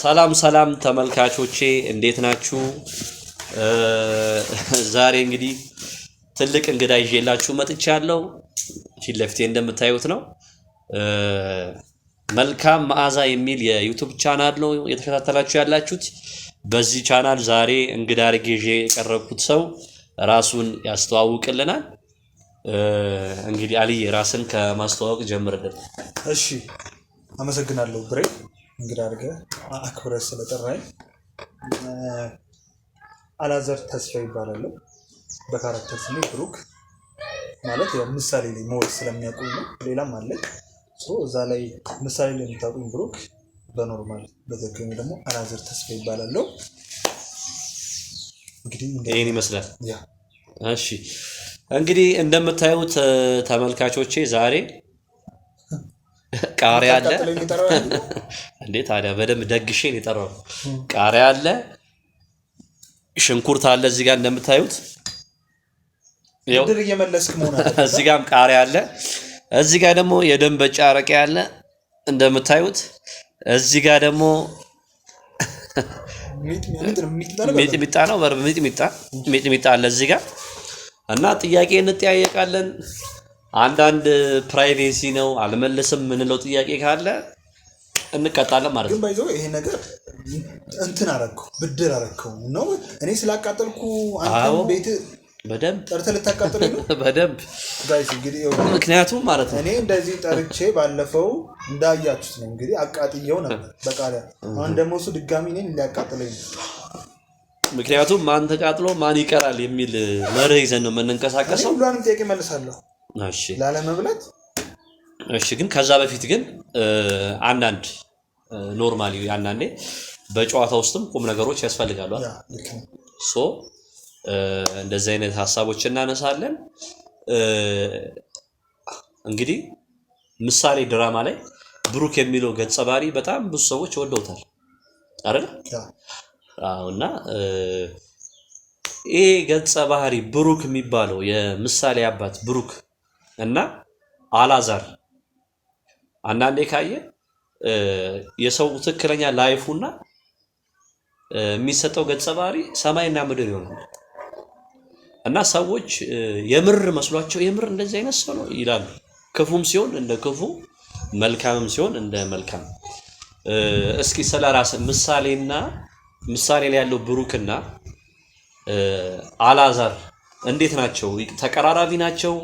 ሰላም ሰላም ተመልካቾቼ እንዴት ናችሁ? ዛሬ እንግዲህ ትልቅ እንግዳ ይዤላችሁ መጥቻለሁ። ፊት ለፊቴ እንደምታዩት ነው። መልካም መዓዛ የሚል የዩቱብ ቻናል ነው የተከታተላችሁ ያላችሁት። በዚህ ቻናል ዛሬ እንግዳ አድርጌ ይዤ የቀረብኩት ሰው ራሱን ያስተዋውቅልናል። እንግዲህ አልዬ ራስን ከማስተዋወቅ ጀምርልን። እሺ፣ አመሰግናለሁ ብሬ እንግዳ አድርገህ አክብረህ ስለጠራኝ አላዘር ተስፋ ይባላሉ። በካራክተር ስሜ ብሩክ ማለት ያው ምሳሌ ላይ መወድ ስለሚያውቁኝ ነው። ሌላም አለ እዛ ላይ ምሳሌ ላይ የምታውቁኝ ብሩክ በኖርማል በተገኙ ደግሞ አላዘር ተስፋ ይባላሉ። እንግዲህ ይህን ይመስላል። እሺ እንግዲህ እንደምታዩት ተመልካቾቼ ዛሬ ቃሪያ አለ እንዴ ታዲያ በደንብ የጠራው ቃሪያ አለ፣ ሽንኩርት አለ። እዚህ ጋር እንደምታዩት እዚህ ጋርም ቃሪያ አለ። እዚህ ጋር ደግሞ የደንበጫ አረቄ አለ እንደምታዩት። እዚህ ጋር ደግሞ ሚጥሚጣ ነው፣ ሚጥሚጣ አለ እዚህ ጋር እና ጥያቄ እንጠያየቃለን። አንዳንድ ፕራይቬሲ ነው አልመለስም ምንለው ጥያቄ ካለ እንቀጣለን ማለት ነው። ግን ባይዘው ይሄ ነገር እንትን አረግከው ብድር አረግከው ነው። እኔ ስላቃጠልኩ አንተም ቤት በደንብ ጠርተህ ልታቃጥል ነው። በደንብ ምክንያቱም ማለት ነው እኔ እንደዚህ ጠርቼ ባለፈው እንዳያችሁት ነው እንግዲህ አቃጥየው ነበር በቃለ። አሁን ደግሞ እሱ ድጋሚ እኔን ነው ምክንያቱም ማን ተቃጥሎ ማን ይቀራል የሚል መርህ ይዘን ነው የምንንቀሳቀሰው። ሁሉንም ጥያቄ መልሳለሁ ላለመብላት። እሺ፣ ግን ከዛ በፊት ግን አንዳንድ ኖርማሊ አንዳንዴ በጨዋታ ውስጥም ቁም ነገሮች ያስፈልጋሉ። ሶ እንደዚህ አይነት ሀሳቦች እናነሳለን። እንግዲህ ምሳሌ ድራማ ላይ ብሩክ የሚለው ገጸ ባህሪ በጣም ብዙ ሰዎች ወደውታል አይደል? እና ይሄ ገጸ ባህሪ ብሩክ የሚባለው የምሳሌ አባት ብሩክ እና አላዛር አንዳንዴ ካየ የሰው ትክክለኛ ላይፉና የሚሰጠው ገጸ ባህሪ ሰማይና ምድር ይሆናል። እና ሰዎች የምር መስሏቸው የምር እንደዚህ አይነት ሰው ነው ይላሉ። ክፉም ሲሆን እንደ ክፉ፣ መልካምም ሲሆን እንደ መልካም። እስኪ ስለ ራስ ምሳሌና ምሳሌ ላይ ያለው ብሩክና አላዛር እንዴት ናቸው? ተቀራራቢ ናቸው?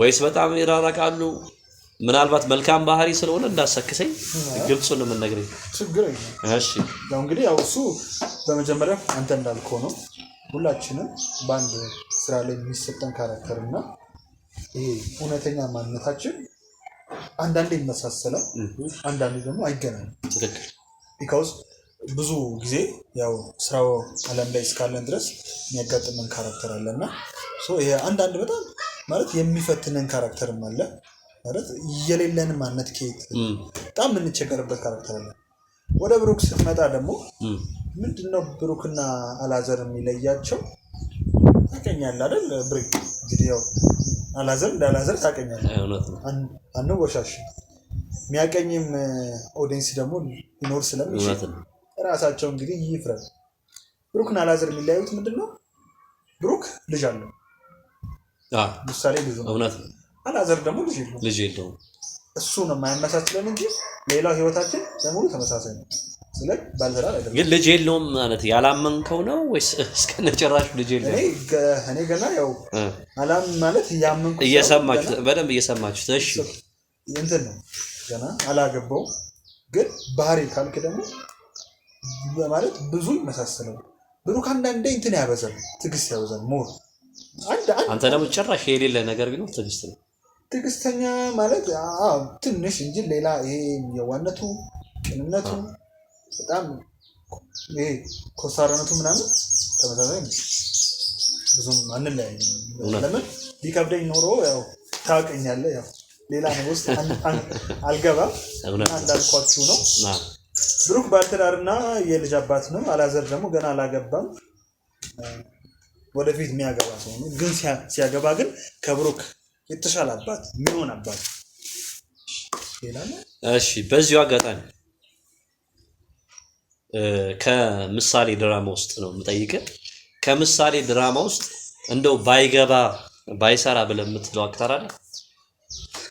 ወይስ በጣም ይራራቃሉ? ምናልባት መልካም ባህሪ ስለሆነ እንዳሰክሰኝ ግልጹ ነው የምነግረኝ። ችግር እሺ፣ ያው እንግዲህ ያው እሱ በመጀመሪያ አንተ እንዳልከው ነው። ሁላችንም በአንድ ስራ ላይ የሚሰጠን ካራክተር እና ይሄ እውነተኛ ማንነታችን አንዳንዴ ይመሳሰላል፣ አንዳንዴ ደግሞ አይገናኝም። ትክክል። ቢካውስ ብዙ ጊዜ ያው ስራው አለም ላይ እስካለን ድረስ የሚያጋጥመን ካራክተር እና ይሄ አንዳንድ በጣም ማለት የሚፈትነን ካራክተርም አለ ማለት የሌለንም ማነት ከየት በጣም የምንቸገርበት ካራክተር አለ። ወደ ብሩክ ስትመጣ ደግሞ ምንድነው ብሩክና አላዘር የሚለያቸው ታውቀኛለህ አይደል? ብሩክ እንግዲህ ያው አላዘር እንደ አላዘር ታውቀኛለህ፣ ወሻሽ የሚያቀኝም ኦዲንስ ደግሞ ሊኖር ስለሚችል ራሳቸው እንግዲህ ይፍረድ። ብሩክና አላዘር የሚለያዩት ምንድነው? ብሩክ ልጅ አለው ምሳሌ ልጅ ነው። እውነት ነው። አልዓዛር ደግሞ ልጅ የለውም። ልጅ የለውም። እሱ ነው የማያመሳስለን እንጂ ሌላው ህይወታችን ለሙሉ ተመሳሳይ ነው። ግን ልጅ የለውም ማለት ያላመንከው ነው ወይስ እስከነ ጭራሹ ልጅ የለውም? እኔ ገና ያው አላም ማለት ያመንኩ እየሰማችሁ በደንብ እየሰማችሁ እሺ እንትን ነው ገና አላገባው። ግን ባህሪ ካልክ ደግሞ ማለት ብዙ ይመሳሰለው ብሩክ አንዳንዴ እንትን ያበዛል፣ ትግስት ያበዛል ሞር አንተ ደግሞ ጭራሽ የሌለ ነገር ቢኖር ትዕግስት ነው። ትዕግስተኛ ማለት ትንሽ እንጂ ሌላ ይሄ የዋነቱ ቅንነቱ በጣም ይሄ ኮሳረነቱ ምናምን ተመሳሳይ ብዙም አንለያይም። ለምን ቢከብደኝ ኖሮ ያው ታውቀኛለህ። ያው ሌላ ነው ውስጥ አልገባም። እንዳልኳችሁ ነው። ብሩክ ባለትዳርና የልጅ አባት ነው። አላዘር ደግሞ ገና አላገባም። ወደፊት የሚያገባ ሰው ነው። ግን ሲያገባ ግን ከብሩክ የተሻለ አባት የሚሆን አባት። እሺ፣ በዚሁ አጋጣሚ ከምሳሌ ድራማ ውስጥ ነው የምጠይቅህ። ከምሳሌ ድራማ ውስጥ እንደው ባይገባ ባይሰራ ብለህ የምትለው አክተር አለ?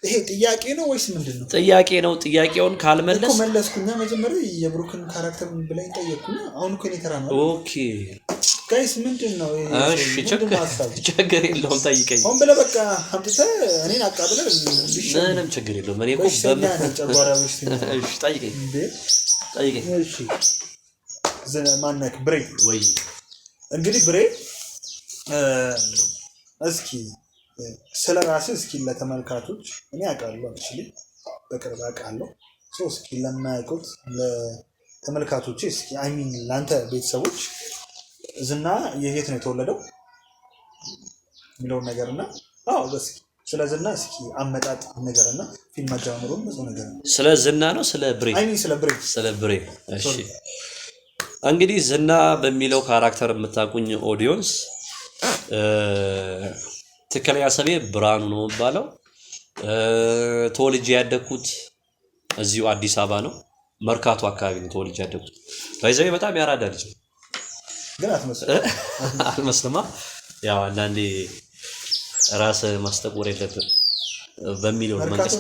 ይሄ ጥያቄ ነው ወይስ ምንድን ነው? ጥያቄ ነው። ጥያቄውን ካልመለስ መለስኩና መጀመሪያ የብሩክን ካራክተር ብላኝ ጠየቅኩና አሁን እኮ እኔ ተራ ነው። ኦኬ ጋይስ ምንድን ነው? እሺ ችግር የለውም ጠይቀኝ። አሁን ብለህ በቃ አምጥተህ እኔን አቃብለህ ምንም ችግር የለውም። እኔ ጠይቀኝ ጠይቀኝ። ማነክ ብሬ ወይ እንግዲህ ብሬ እስኪ ስለ ራስህ እስኪ ለተመልካቾች እኔ አውቃለሁ አክቹዋሊ በቅርብ አውቃለሁ። እስኪ ለማያውቁት ለተመልካቾች እስኪ አይሚን ለአንተ ቤተሰቦች ዝና የት ነው የተወለደው የሚለውን ነገር እና አዎ በስኪ ስለ ዝና እስኪ አመጣጥ ነገር እና ፊልም አጀማመሩን ብዙ ነገር ስለ ዝና ነው ስለ ብሬ ስለ ብሬ ስለ ብሬ እሺ እንግዲህ ዝና በሚለው ካራክተር የምታቁኝ ኦዲዮንስ ትክክለኛ ስሜ ብርሃኑ ነው የምባለው። ተወልጄ ያደግኩት እዚሁ አዲስ አበባ ነው፣ መርካቶ አካባቢ ነው ተወልጄ ያደግኩት። ባይዘዌ በጣም ያራዳ ልጅ ነው፣ ግን አልመስልማ። ያው አንዳንዴ ራስ ማስጠቆር የለብን በሚለው የመርካቶ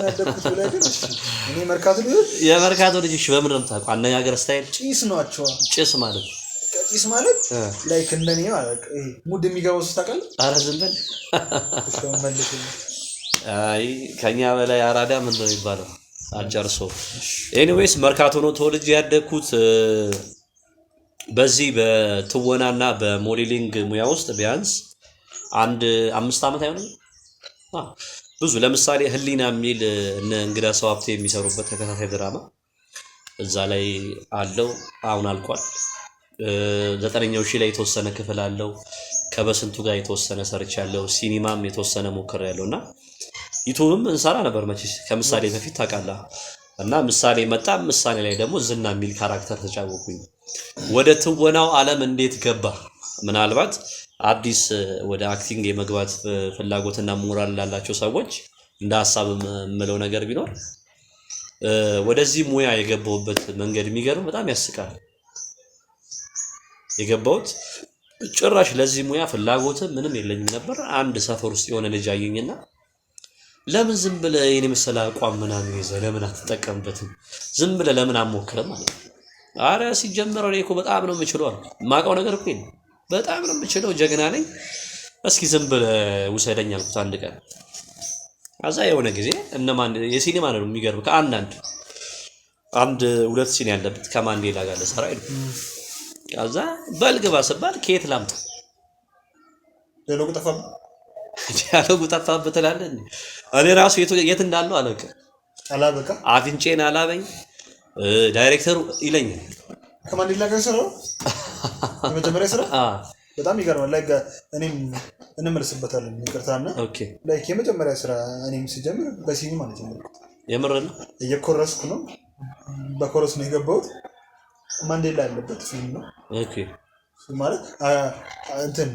ልጆች በምን ነው የምታውቀው? አነጋገር ስታይል ጭስ ናቸዋ። ጭስ ማለት ነው ቂስ ማለት ላይክ እንደኔ ማለት ሙድ የሚገባው ሰው ታውቃለህ። ኧረ ዝም በል አይ ከኛ በላይ አራዳ ምን ነው የሚባለው? አጨርሶ ኤኒዌይስ መርካቶ ነው ተወልጄ ያደግኩት። በዚህ በትወናና በሞዴሊንግ ሙያ ውስጥ ቢያንስ አንድ አምስት ዓመት አይሆንም ብዙ ለምሳሌ ህሊና የሚል እነ እንግዳ ሰው ሀብቴ የሚሰሩበት ተከታታይ ድራማ እዛ ላይ አለው። አሁን አልቋል። ዘጠነኛው ሺ ላይ የተወሰነ ክፍል አለው። ከበስንቱ ጋር የተወሰነ ሰርች ያለው ሲኒማም የተወሰነ ሞክር ያለው እና ዩቱብም እንሰራ ነበር መቼ ከምሳሌ በፊት ታውቃለህ። እና ምሳሌ መጣ። ምሳሌ ላይ ደግሞ ዝና የሚል ካራክተር ተጫወኩኝ። ወደ ትወናው ዓለም እንዴት ገባ? ምናልባት አዲስ ወደ አክቲንግ የመግባት ፍላጎትና ሞራል ላላቸው ሰዎች እንደ ሀሳብ የምለው ነገር ቢኖር ወደዚህ ሙያ የገባሁበት መንገድ የሚገርም በጣም ያስቃል። የገባሁት ጭራሽ ለዚህ ሙያ ፍላጎት ምንም የለኝም ነበር። አንድ ሰፈር ውስጥ የሆነ ልጅ አየኝና ለምን ዝም ብለህ የኔ መሰለ አቋም ምናምን ይዘህ ለምን አትጠቀምበትም? ዝም ብለህ ለምን አሞክርም ማለት ነው። አረ ሲጀመር እኔ እኮ በጣም ነው የምችለው የማውቀው ነገር እኮ በጣም ነው የምችለው ጀግና ነኝ። እስኪ ዝም ብለህ ውሰደኝ አልኩት አንድ ቀን። አዛ የሆነ ጊዜ እነማን የሲኒማ ነው የሚገርም ከአንዳንድ አንድ ሁለት ሲኒ ያለበት ከማንዴላ ጋር ለሰራ ሄድኩ። ከዛ በልግባ ስባል ከየት ላምጣ? ዲያሎጉ ጠፋብህ። ዲያሎጉ ጠፋብህ ትላለህ። እኔ ራሱ የት እንዳለው አለቀ አላበቃ አፍንጬን አላበኝ። ዳይሬክተሩ ይለኛል ከማን ይላከ ስራው የመጀመሪያ ስራ በጣም ይገርማል። ላይክ እኔም እንመልስበታለን። ይቅርታና ላይክ የመጀመሪያ ስራ እኔም ሲጀምር በሲኒ ማለት ነው። የምር ነው። እየኮረስኩ ነው። በኮረስ ነው የገባሁት ማንዴላ ያለበት ፊልም ነው። ኦኬ ማለት እንትን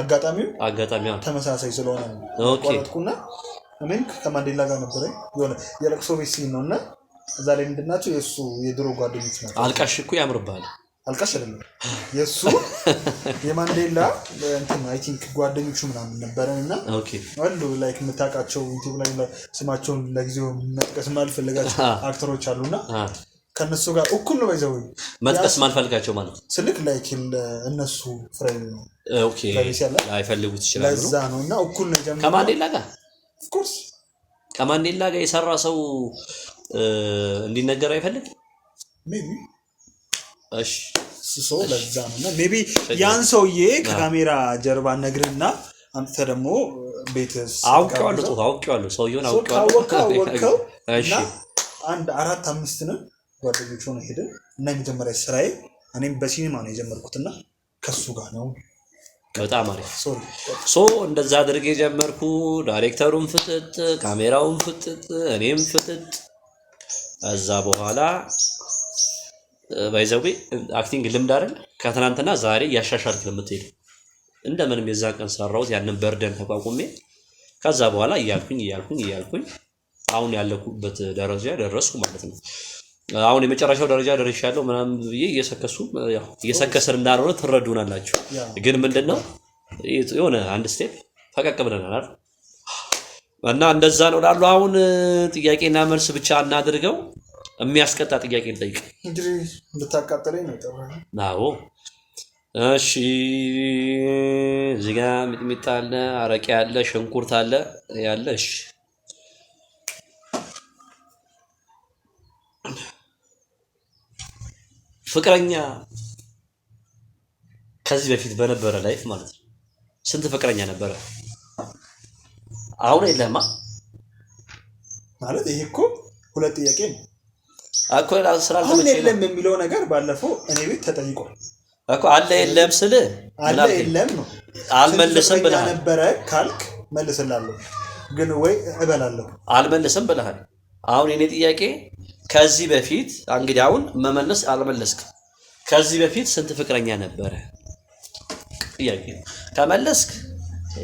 አጋጣሚው አጋጣሚው ተመሳሳይ ስለሆነ ቆረጥኩና እኔም ከማንዴላ ጋር ነበረ የሆነ የለቅሶ ቤት ሲል ነው እና እዛ ላይ ምንድናቸው የእሱ የድሮ ጓደኞች ናቸው። አልቃሽ እኮ ያምርብሃል። አልቃሽ አይደለም የእሱ የማንዴላ እንትን አይ ቲንክ ጓደኞቹ ምናምን ነበረን እና አሉ ላይክ የምታውቃቸው ዩቲዩብ ላይ ስማቸውን ለጊዜው መጥቀስ ማልፈለጋቸው አክተሮች አሉና ከነሱ ጋር እኩል ነው ይዘው መጥቀስ ማልፈልጋቸው ማለት ነው። ስልክ ላይክ እነሱ ፍሬም ነው ነው እና እኩል ነው ጀምሮ ከማንዴላ ጋር ኦፍኮርስ ከማንዴላ ጋር የሰራ ሰው እንዲነገር አይፈልግ ሜቢ እሺ፣ ሰው ለዛ ነው እና ቢ ያን ሰውዬ ከካሜራ ጀርባ ነግርና አንተ ደግሞ ቤትስ አውቄዋለሁ፣ አውቄዋለሁ፣ ሰውዬውን አውቄዋለሁ። እና አንድ አራት አምስት ነው ጓደኞች ሆነ ሄደ እና የመጀመሪያ ስራዬ እኔም በሲኒማ ነው የጀመርኩትና ከሱ ጋር ነው። በጣም አሪፍ ሶ እንደዛ አድርጌ የጀመርኩ። ዳይሬክተሩን ፍጥጥ፣ ካሜራውን ፍጥጥ፣ እኔም ፍጥጥ። ከዛ በኋላ ባይዘዊ አክቲንግ ልምድ አይደል ከትናንትና ዛሬ ያሻሻልክ ነው የምትሄደው። እንደምንም የዛን ቀን ሰራሁት ያንን በርደን ተቋቁሜ ከዛ በኋላ እያልኩኝ እያልኩኝ እያልኩኝ አሁን ያለኩበት ደረጃ ደረስኩ ማለት ነው። አሁን የመጨረሻው ደረጃ ደረሻ ያለው ምናምን ብዬ እየሰከሱ እየሰከስን እንዳልሆነ ትረዱናላችሁ። ግን ምንድን ነው የሆነ አንድ ስቴፕ ፈቀቅ ብለናል እና እንደዛ ነው ላሉ አሁን ጥያቄና መልስ ብቻ እናድርገው። የሚያስቀጣ ጥያቄ እንጠይቅ። ብታቃጥለኝ ነው። እሺ እዚጋ ሚጥሚጣ አለ፣ አረቄ አለ፣ ሽንኩርት አለ ያለ እሺ ፍቅረኛ ከዚህ በፊት በነበረ ላይፍ ማለት ነው ስንት ፍቅረኛ ነበረ? አሁን የለህማ ማለት ይሄ እኮ ሁለት ጥያቄ ነው። አሁን የለም የሚለው ነገር ባለፈው እኔ ቤት ተጠይቋል እኮ አለ የለም ስል አለ የለም ነው አልመልስም ብለሃል ነበረ ካልክ መልስላለሁ፣ ግን ወይ እበላለሁ አልመልስም ብለሃል። አሁን የኔ ጥያቄ ከዚህ በፊት እንግዲህ አሁን መመለስ አልመለስክም። ከዚህ በፊት ስንት ፍቅረኛ ነበረ? ጥያቄ ከመለስክ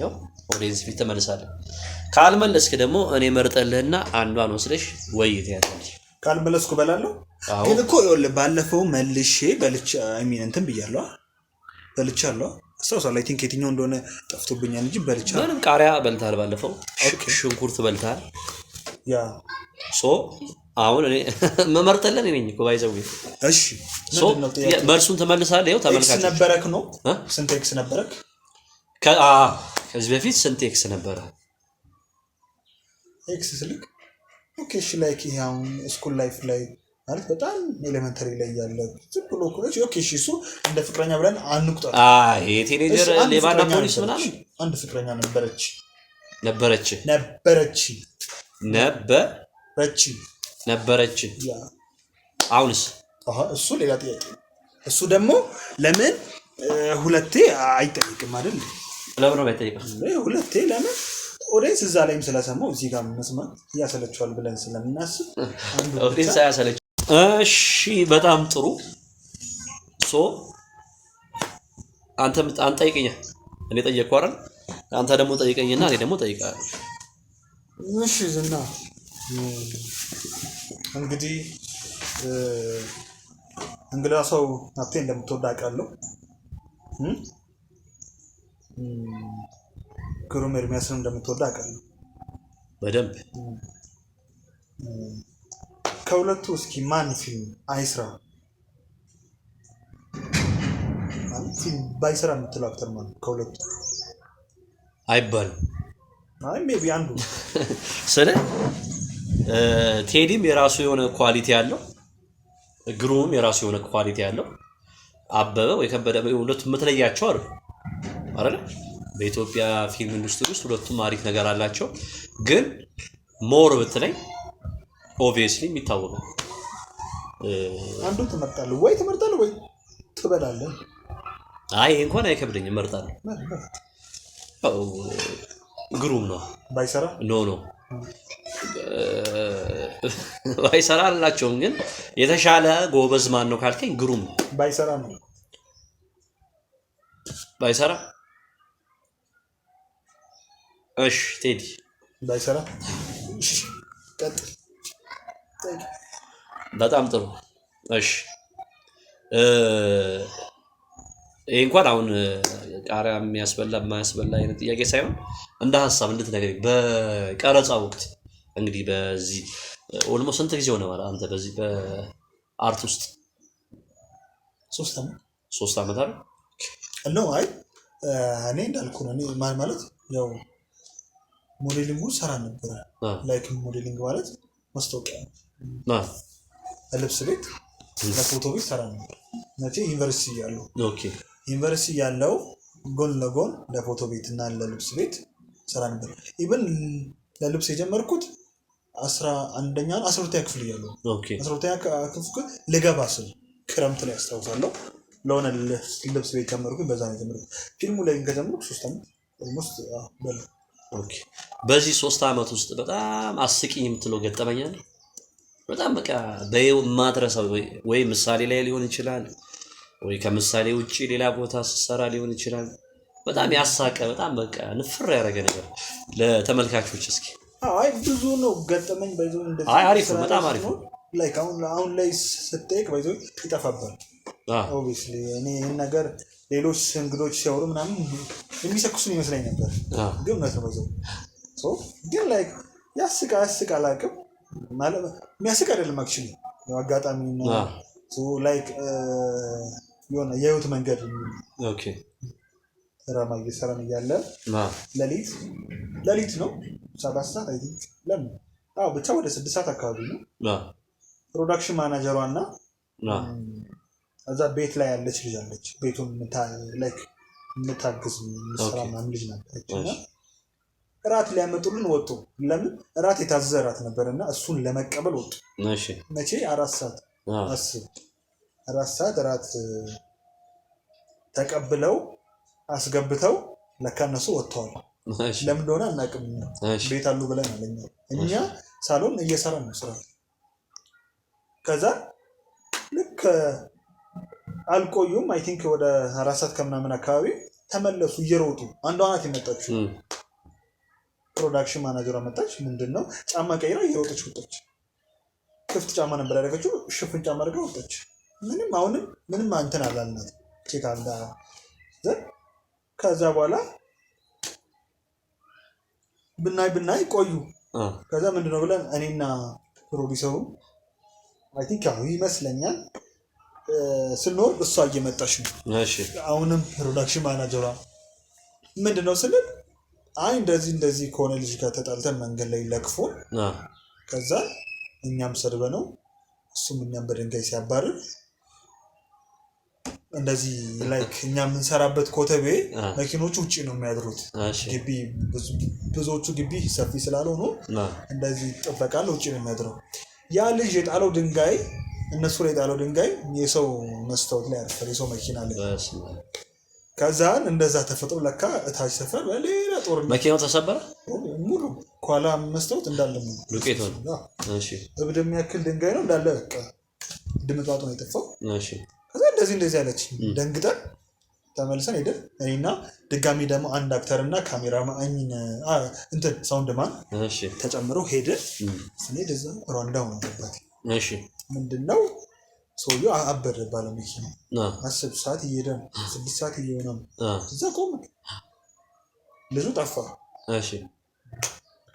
ው ኦዲንስ ፊት ተመልሳለህ። ካልመለስክ ደግሞ እኔ መርጠልህና አንዷን ወስደሽ ወይት ያታለሽ። ካልመለስኩ በላለሁ። ግን እኮ ባለፈው መልሼ በልቼ አይ ሚን እንትን ብያለሁ በልቻለሁ አስታውሳለሁ። አይ ቲንክ የትኛው እንደሆነ ጠፍቶብኛል እንጂ በልቻለሁ። ምንም ቃሪያ በልታል፣ ባለፈው ሽንኩርት በልታል። ያ ሶ አሁን እኔ መመርጠለን ይነኝ እኮ ባይዘው እሺ፣ መልሱን ትመልሳለህ። ይኸው ተመልካችሁ ነበረክ ነው ስንት ኤክስ ነበረክ? ከዚህ በፊት ስንት ኤክስ ነበረ? ኤክስ ስልክ ኦኬ። እሺ፣ ላይክ ይሄ አሁን ስኩል ላይፍ ላይ ማለት በጣም ኤሌመንተሪ ላይ ያለ ዝም ብሎ ኮሌጅ። ኦኬ፣ እሺ፣ እሱ እንደ ፍቅረኛ ብለን አንቁጠር። ይሄ ቲኔጀር ሌባና ፖሊስ ምናምን። አንድ ፍቅረኛ ነበረች ነበረች ነበረች ነበረች ነበረች። አሁንስ እሱ ሌላ ጥያቄ። እሱ ደግሞ ለምን ሁለቴ አይጠይቅም አይደል? ለምን ነው አይጠይቅም ሁለቴ? ለምን ኦዲንስ እዛ ላይም ስለሰማው እዚህ ጋር መስማት ያሰለችዋል ብለን ስለምናስብ ኦዲንስ አያሰለች። እሺ፣ በጣም ጥሩ። ሶ አንተ አንተ ጠይቀኛ፣ እኔ ጠየቅኩህ አይደል? አንተ ደግሞ ጠይቀኝና እኔ ደግሞ ጠይቃለሁ። እሺ ዝና እንግዲህ እንግዳ ሰው ናፍቴ እንደምትወድ አውቃለሁ። ግሩም ኤርሚያስን እንደምትወድ አውቃለሁ በደንብ። ከሁለቱ እስኪ ማን ፊልም አይስራ? ፊልም ባይስራ የምትለው አክተር ማለት ከሁለቱ አይባልም። አይ ሜይ ቢ አንዱ ስለ ቴዲም የራሱ የሆነ ኳሊቲ ያለው ግሩም የራሱ የሆነ ኳሊቲ ያለው አበበ ወይ ከበደ ሁለቱም የምትለያቸው አሉ አይደለ? በኢትዮጵያ ፊልም ኢንዱስትሪ ውስጥ ሁለቱም አሪፍ ነገር አላቸው። ግን ሞር ብትለኝ ኦብቪየስሊ የሚታወቀው አንዱ ትመርጣለህ ወይ ትመርጣለህ ወይ ትበላለህ። አይ እንኳን አይከብደኝ፣ እመርጣለሁ። ግሩም ነው ባይሰራ ኖ ኖ ባይሰራ አላቸውም። ግን የተሻለ ጎበዝ ማን ነው ካልከኝ ግሩም ነው። ባይሰራ ነው ባይሰራ። እሺ ቴዲ ባይሰራ በጣም ጥሩ። እሺ ይህ እንኳን አሁን ቃሪያ የሚያስበላ የማያስበላ አይነት ጥያቄ ሳይሆን እንደ ሀሳብ እንድትነግረኝ በቀረጻ ወቅት እንግዲህ በዚህ ኦልሞ ስንት ጊዜ ሆነ ማለት አንተ በዚህ በአርት ውስጥ ሶስት ዓመት ሶስት ዓመት አለ ነው አይ እኔ እንዳልኩ ነው። እኔ ማለት ያው ሞዴሊንጉ ሰራ ነበረ። ላይክ ሞዴሊንግ ማለት ማስታወቂያ ልብስ ቤት ለፎቶ ቤት ሰራ ነበር መቼ ዩኒቨርሲቲ እያለሁ ዩኒቨርሲቲ ያለው ጎን ለጎን ለፎቶ ቤት እና ለልብስ ቤት ሰራ ነበር። ኢቨን ለልብስ የጀመርኩት አስራ አንደኛን አስራ ሁለተኛ ክፍል እያሉ አስራ ሁለተኛ ክፍል ልገባ ስል ክረምት ላይ ያስታውሳለሁ ለሆነ ልብስ ቤት ጀመርኩኝ። በዛ ነው የጀመርኩት። ፊልሙ ላይ ከጀመርኩ ሶስት ዓመት ኦልሞስት በዚህ ሶስት ዓመት ውስጥ በጣም አስቂኝ የምትለው ገጠመኛ ነው። በጣም በቃ በማድረሰው ወይ ምሳሌ ላይ ሊሆን ይችላል፣ ወይ ከምሳሌ ውጭ ሌላ ቦታ ስሰራ ሊሆን ይችላል። በጣም ያሳቀ በጣም በቃ ንፍር ያደረገ ነገር ለተመልካቾች እስኪ አይ ብዙ ነው ገጠመኝ። ባይዞ አይ አሪፍ በጣም አሪፍ ነው። ላይክ አሁን አሁን ላይ ስትጠይቅ ባይዞ እኔ ይህን ነገር ሌሎች እንግዶች ሲያወሩ ምናምን የሚሰክሱን ይመስለኝ ነበር፣ ግን እውነት ነው። ባይዞ ግን ላይክ ያስቃ ያስቃ የሚያስቅ አይደለም። አክቹዋሊ አጋጣሚ ላይክ የሆነ የህይወት መንገድ ስራ ማየት እያለ ነው ሰባት ሰዓት አይ ቲንክ ለምን አዎ ብቻ ወደ ስድስት ሰዓት አካባቢ ነው። ፕሮዳክሽን ማናጀሯ እና እዛ ቤት ላይ ያለች ልጅ አለች። ቤቱን የምታግዝ ስራ ምናምን ልጅ ነበረች እና እራት ሊያመጡልን ወጡ። ለምን እራት የታዘዘ እራት ነበር እና እሱን ለመቀበል ወጡ። መቼ አራት ሰዓት አስብ አራት ሰዓት እራት ተቀብለው አስገብተው ለካ እነሱ ወጥተዋል። ለምን እንደሆነ አናውቅም። ቤት አሉ ብለን አለኛ እኛ ሳሎን እየሰራ ነው ስራ። ከዛ ልክ አልቆዩም። አይ ቲንክ ወደ አራት ሰዓት ከምናምን አካባቢ ተመለሱ እየሮጡ። አንዷ ናት የመጣችው፣ ፕሮዳክሽን ማናጀር መጣች። ምንድን ነው ጫማ ቀይራ እየሮጠች ወጣች። ክፍት ጫማ ነበር ያደረገችው፣ ሽፍን ጫማ አድርጋ ወጣች። ምንም አሁንም ምንም አንተን አላልናት ቼክ አልዳ ከዛ በኋላ ብናይ ብናይ ቆዩ። ከዛ ምንድነው ብለን እኔና ፕሮዲሰሩ አይ ቲንክ ያው ይመስለኛል ስንኖር እሷ እየመጣች ነው። አሁንም ፕሮዳክሽን ማናጀሯ ምንድነው ስንል አይ እንደዚህ እንደዚህ ከሆነ ልጅ ጋር ተጣልተን መንገድ ላይ ለክፎ ከዛ እኛም ሰድበ ነው እሱም እኛም በድንጋይ ሲያባርር እንደዚህ ላይክ እኛ የምንሰራበት ኮተቤ መኪኖቹ ውጭ ነው የሚያድሩት። ግቢ ብዙዎቹ ግቢ ሰፊ ስላልሆኑ እንደዚህ ይጠበቃል። ውጭ ነው የሚያድረው። ያ ልጅ የጣለው ድንጋይ እነሱ ላይ የጣለው ድንጋይ የሰው መስታወት ላይ ያርፋል፣ የሰው መኪና ላይ። ከዛን እንደዛ ተፈጥሮ ለካ እታች ሰፈር በሌላ ጦር መኪናው ተሰበረ ሙሉ ኳላ መስታወት እንዳለ ዱቄት እብድ የሚያክል ድንጋይ ነው እንዳለ ድምጣጡ ነው የጠፋው። እንደዚህ እንደዚህ አለች። ደንግጠን ተመልሰን ሄደ እኔና ድጋሚ ደግሞ አንድ አክተር እና ካሜራ እንትን ሳውንድ ማን ተጨምረው ሄደ ስንሄድ እዛ ሯንዳው ነው ምንድን ነው ሰውዬው አበደ ባለ መኪና አስር ሰዓት እየሄደ ነው፣ ስድስት ሰዓት እየሆነ ነው። እዛ ቆመ ልጁ ጠፋ።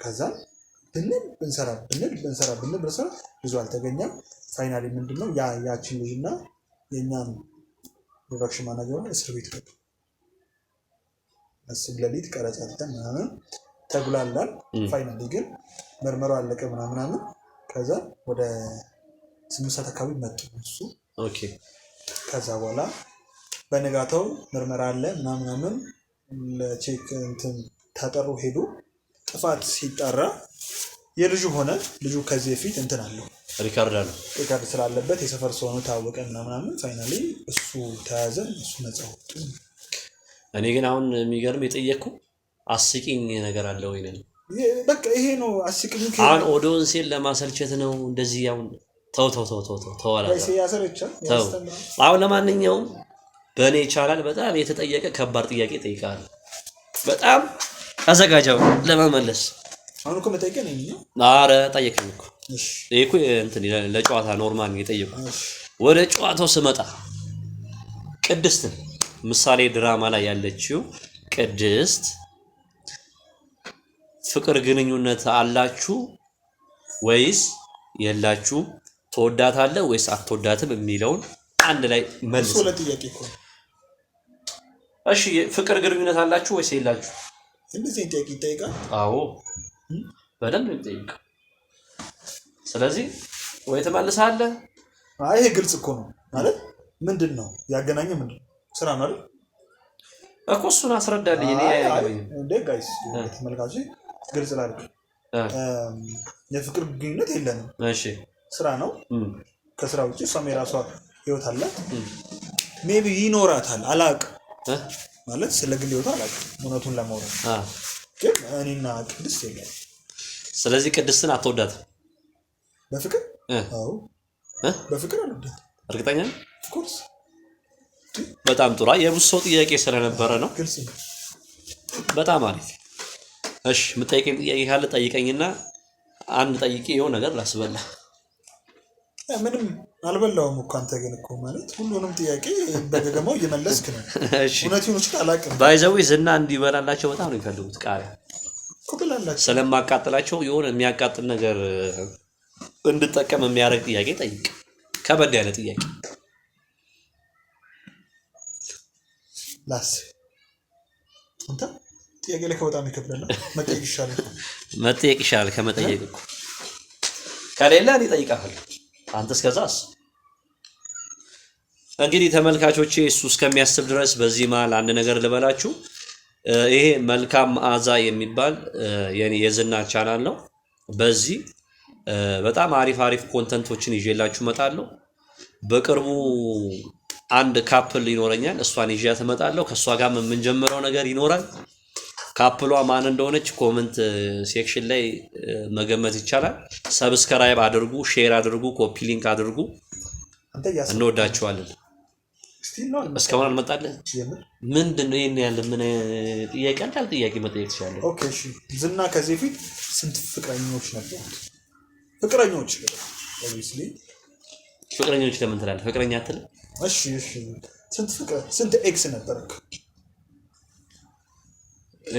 ከዛ ብንል ብንሰራ ብንል ብንሰራ ብንል ብንሰራ ብዙ አልተገኘም። ፋይናሊ ምንድነው ያችን ልጅና የእኛም ፕሮዳክሽን ማናጀር እስር ቤት ነው። እሱም ለሊት ቀረጻ ትተን ምናምን ተጉላላል። ፋይናሊ ግን ምርመራው አለቀ ምናምናምን። ከዛ ወደ ስምንት ሰዓት አካባቢ መጡ እሱ። ከዛ በኋላ በንጋታው ምርመራ አለ ምናምናምን ለቼክ እንትን ተጠሩ ሄዱ። ጥፋት ሲጠራ የልጁ ሆነ ልጁ ከዚህ በፊት እንትን አለው ሪካርድ አለ ሪካርድ ስላለበት የሰፈር ሰው ሆኖ ታወቀ ምናምናምን ፋይናሊ እሱ ተያዘን እሱ ነጻ ወጡ። እኔ ግን አሁን የሚገርም የጠየቅኩ አስቂኝ ነገር አለ ወይ ነው በቃ ይሄ ነው አስቂኝ። አሁን ኦዶንሴን ለማሰልቸት ነው እንደዚህ አሁን ተው ተው ተው ተው ተው አሁን ለማንኛውም በእኔ ይቻላል። በጣም የተጠየቀ ከባድ ጥያቄ ጠይቃል። በጣም ተዘጋጀው ለመመለስ አሁን እኮ መጠየቅ ነው። ኧረ ጠየቀኝ እኮ ለጨዋታ ኖርማል የጠየቁ። ወደ ጨዋታው ስመጣ ቅድስትን ምሳሌ ድራማ ላይ ያለችው ቅድስት ፍቅር ግንኙነት አላችሁ ወይስ የላችሁ? አለ ወይስ አትወዳትም የሚለውን አንድ ላይ መልስ። እሺ ፍቅር ግንኙነት አላችሁ ወይስ የላችሁ? እንደዚህ ጥያቄ ይጠይቃል። አዎ በደንብ ይጠይቃል። ስለዚህ ወይ ትመልሳለህ። አይ ይሄ ግልጽ እኮ ነው ማለት ምንድን ነው ያገናኘ ምንድን ነው ስራ ነው እኮ እሱን አስረዳልኝ። እንደ ጋይስ ተመልካች ግልጽ ላድርግ፣ የፍቅር ግንኙነት የለንም። ስራ ነው። ከስራ ውጭ እሷም የራሷ ህይወት አላት። ሜቢ ይኖራታል፣ አላቅ ማለት ስለ ግል ህይወቷ አላቅም፣ እውነቱን ለማውራት ግን እኔና ቅድስት የለም። ስለዚህ ቅድስትን አትወዳትም በፍቅር አዎ፣ በፍቅር አልወዳትም። እርግጠኛ ነኝ። በጣም ጥሩ። የብዙ ሰው ጥያቄ ስለነበረ ነው። በጣም አሪፍ። እሺ፣ የምጠይቀኝ ጥያቄ ካለ ጠይቀኝና አንድ ጠይቄ የሆነ ነገር ላስበላ። ምንም አልበላውም እኮ አንተ ግን እኮ ማለት ሁሉንም ጥያቄ በገገማው እየመለስክ ነው። እውነት ሆኖች አላውቅም። ባይዘዊ ዝና እንዲበላላቸው በጣም ነው የሚፈልጉት ቃሪያ ስለማቃጥላቸው የሆነ የሚያቃጥል ነገር እንድጠቀም የሚያደርግ ጥያቄ ጠይቅ። ከበድ ያለ ጥያቄ ላስ እንተ ጥያቄ ላይ በጣም ይከብዳል። መጠየቅ ይሻላል፣ ከመጠየቅ እኮ ከሌለ እኔ እጠይቅሃለሁ። አንተ እስከዛስ እንግዲህ ተመልካቾቼ እሱ እስከሚያስብ ድረስ በዚህ መሀል አንድ ነገር ልበላችሁ። ይሄ መልካም መዓዛ የሚባል የዝና ቻናል ነው። በዚህ በጣም አሪፍ አሪፍ ኮንተንቶችን ይዤላችሁ እመጣለሁ። በቅርቡ አንድ ካፕል ይኖረኛል፣ እሷን ይዣት እመጣለሁ። ከእሷ ጋር የምንጀምረው ነገር ይኖራል። ካፕሏ ማን እንደሆነች ኮመንት ሴክሽን ላይ መገመት ይቻላል። ሰብስክራይብ አድርጉ፣ ሼር አድርጉ፣ ኮፒ ሊንክ አድርጉ። እንወዳችኋለን። እስካሁን አልመጣልህ ምንድን ነው? ይህን ያለ ምን ጥያቄ አንዳል ጥያቄ መጠየቅ ትችላለህ። ዝና ከዚህ ፊት ስንት ፍቅረኞች ነበሩት? ፍቅረኞች ኦብቪስሊ ፍቅረኞች ለምን ትላለህ? ፍቅረኛ ትል እሺ እሺ። ስንት ፍቅር ስንት ኤክስ ነበርክ?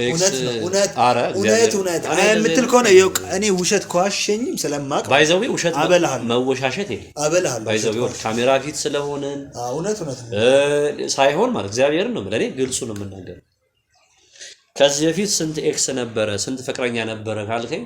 የምትል ከሆነ እኔ ውሸት ከዋሸኝም ስለማቅ ባይዘዊ ውሸት መወሻሸት የለም። ካሜራ ፊት ስለሆንን እውነት እውነት ሳይሆን ማለት እግዚአብሔር ነው ለእኔ ግልጹ ነው የምናገር። ከዚህ በፊት ስንት ኤክስ ነበረ ስንት ፍቅረኛ ነበረ ካልከኝ